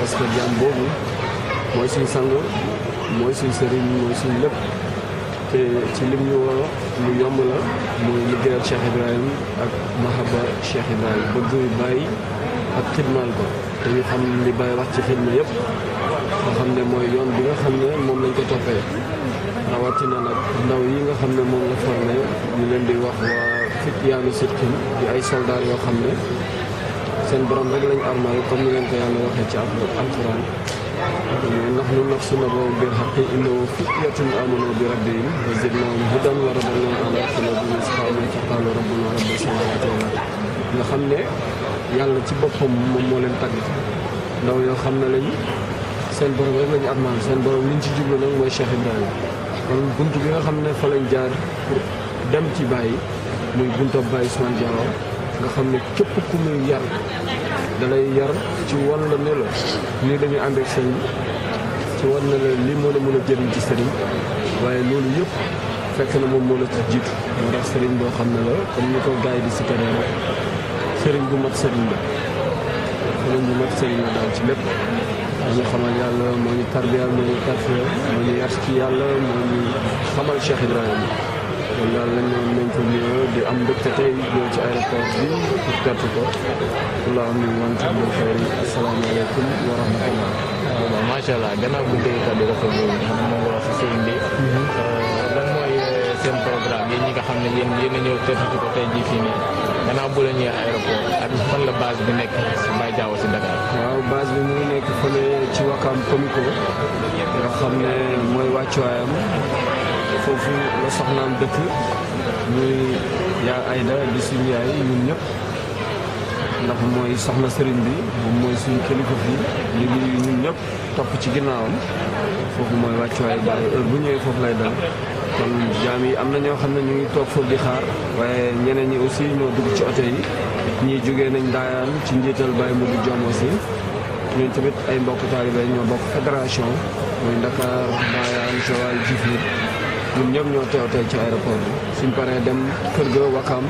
parce que jaam boobu mooy suñu sang mooy suñu sëriñ mooy suñu lépp te ci lim ñu woo lu yomb la muy liggéeyal Cheikh Ibrahim ak mahaba Cheikh Ibrahim bëgg bàyyi ak xidmaal ko te ñu xam li bàyyi wax ci xidma yëpp nga xam ne mooy yoon bi nga xam ne moom lañ ko toppee rawatina nag ndaw yi nga xam ne moom la formé ñu leen di wax waa fit yaanu sitkin di ay soldaar yoo xam ne seen borom rek lañu armal comme ni leen ci alquran ndax nu naf suna boobu bil xaqi innahu fityatun amanu bi rabbihim nga xam ne yàlla ci boppam moom moo leen tagg ndaw yoo xam ne lañ seen borom lañ armal seen borom ci jublu nag mooy Cheikh Ibrahima kon bunt bi nga xam ne fa jaar pour dem ci bàyyi muy buntab bàyyi Ousmane Diawara nga xam ne képp ku muy yar dalay yar ci wan la ne la nii dañuy ànd ak sëriñ ci wan na la li moo la mën a jëriñ ci sëriñ waaye loolu yëpp fekk na moom moo la ci jiitu ndax sëriñ boo xam ne la comme ni ko gars yi di si kanam rek sëriñ bu mat sëriñ la sëriñ bu mat sëriñ la daal ci lépp dañu xamal yàlla moo ñu tarbiyaal moo ñu tarfeel moo ñu yar ci yàlla moo ñu xamal Cheikh Ibrahima loolu daal lañ ñëwoon nañ fa di am mbégte tey ñëw ci aéroport bi pour macha allah gannaaw bu dee kàddu rafetlu bi xam mhm. euh, nga mooy euh, seen programme yi ñi nga xam ne yéen yéen a ñëw perte ko tey jii fii nii gannaaw bu la ñëwee aéroport ak fan la base bi nekk si Baye si Dakar. waaw base bi mu ngi nekk fële ci Wakam Comico nga xam ne mooy wàccuwaayam. foofu la soxnaam dëkk muy yaa Ayda di suñu yaay ñun ñëpp ndax mooy soxna sëriñ bi moom mooy suñu kilifa fii ñun ñëpp topp ci ginnaawam foofu mooy wàccuwaay bàyyi heure bu ñëwee foofu lay dal kon jaam yi am na ñoo xam ne ñu ngi toog foofu di xaar waaye ñeneen ñi aussi ñoo dugg ci oto yi ñii jógee nañ daayaan ci njiital Baye Modou Diom si ñun tamit ay mbokk taalibe ñoo bokk fédération muy Dakar Daayaan Joal Dioufir ñun ñëpp ñoo teew tey ci aéroport bi suñ paree dem kër ga Wakaam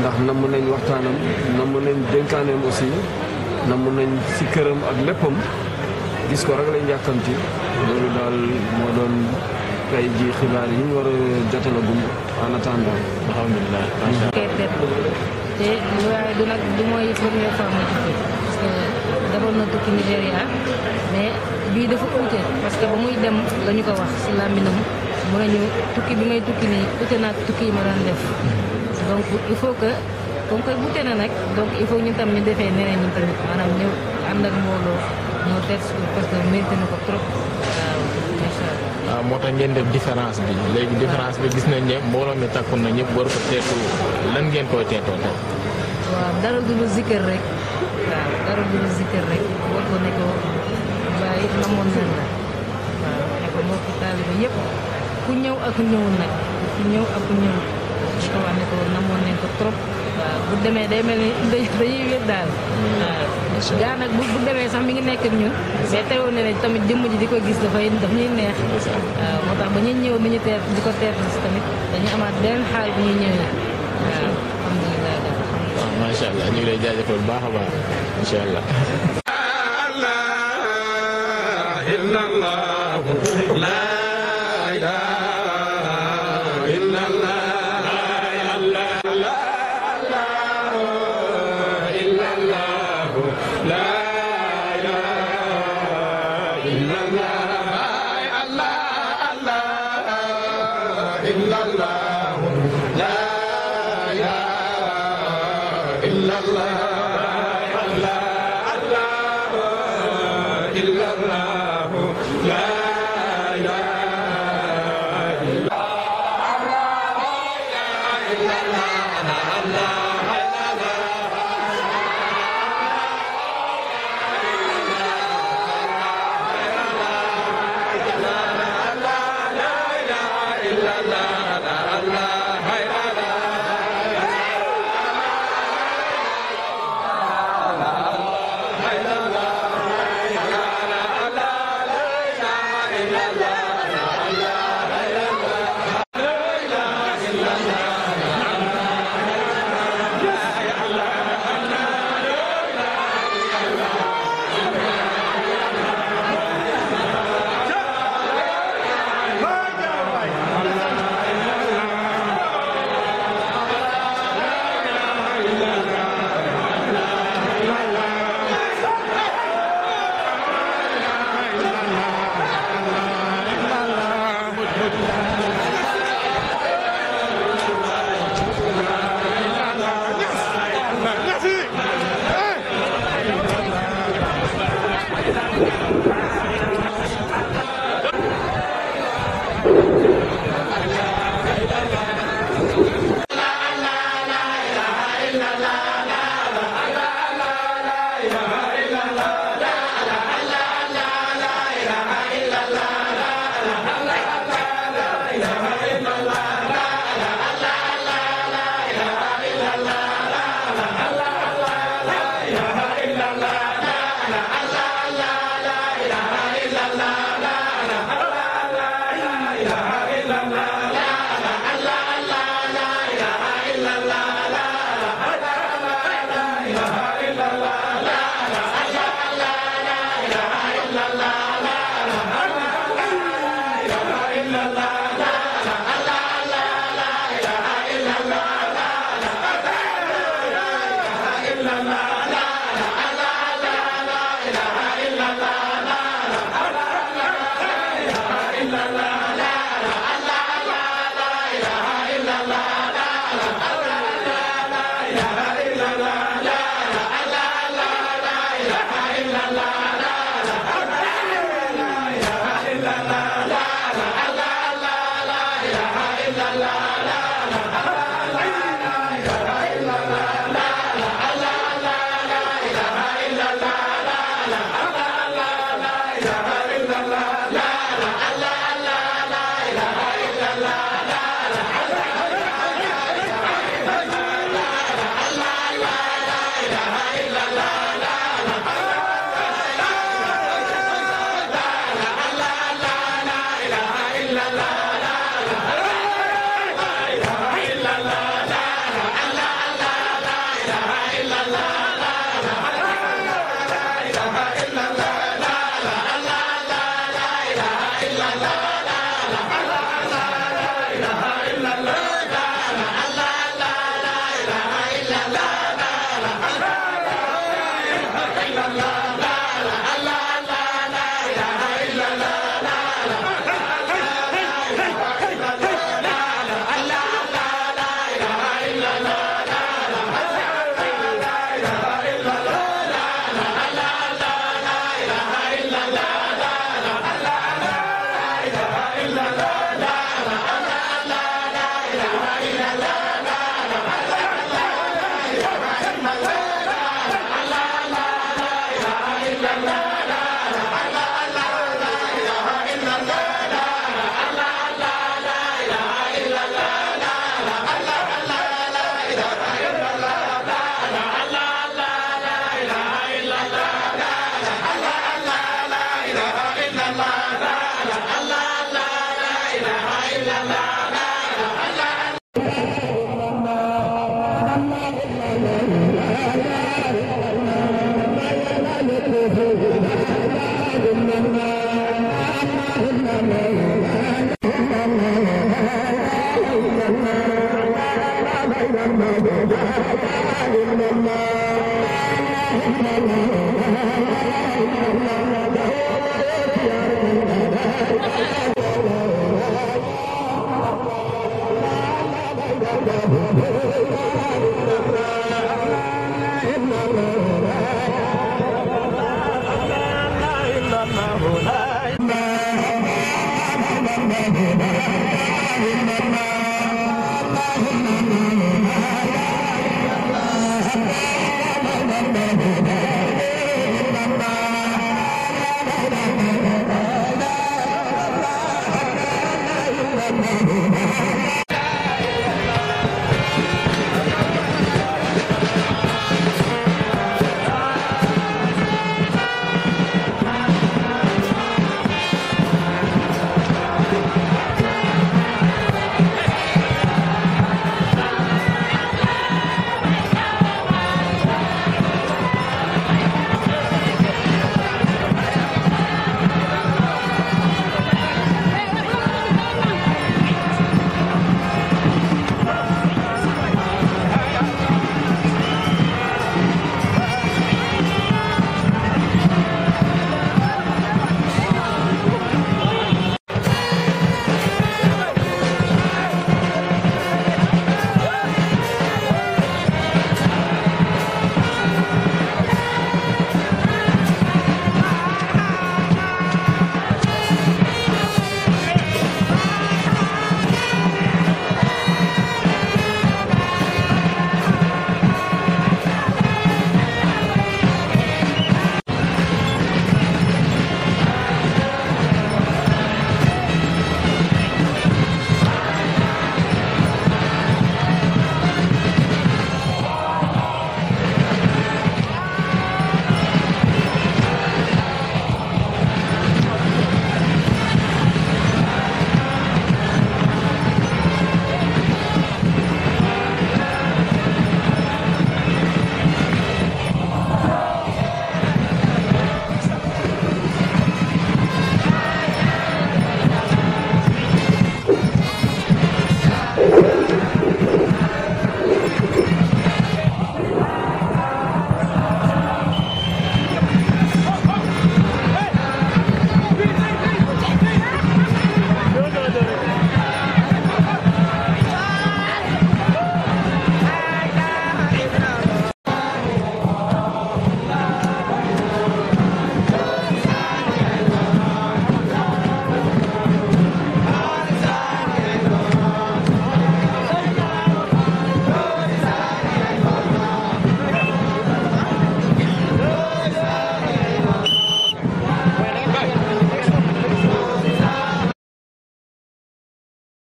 ndax namm nañ waxtaanam namm nañ dénkaaneem aussi namm nañ si këram ak léppam gis ko rek lañ yàkkamti loolu daal moo doon tey ji yi ñu war a jotalagum en attendant. alhamdulilah mooy première fois ma tukki parce que na tukki Nigéria mais bii dafa uute parce ba muy dem la ko wax si làmbinam mu ne ñu tukki bi may tukki nii naa tukki yi ma doon def donc il faut que comme que wute na nag donc il faut ñu tam ñu defee neneen ñu tamit maanaam ñëw ànd ak mbooloo ñëw teg parce que mérite na ko trop waaw ah, moo tax ngeen def différence bi léegi différence bi gis nañ ne mbooloo mi takku na ñëpp war ko teetu lan ngeen koy teetoo tey. waaw dara du lu zikkër rek waaw dara du lu zikkër rek war ko ne ko bàyyi namoon nan la waaw ne ko mbokki taalibe yëpp. ku ñëw ak ñëwul nag ku ñëw ak ku ñëwul su ko wax ko namoon nañ trop waaw bu demee day mel ni dañuy wér daal mm. waaw gaa nag bu bu demee sax mi ngi nekk ak ñun mais ne tamit jëmm ji di ko gis dafay daf moo tax ba ñuy ñëw ni ñu ko teer tamit dañuy amaat benn xaal bu ñuy ñëwee waaw alhamdulilah daal lay jaajëfal bu baax a baax allah la la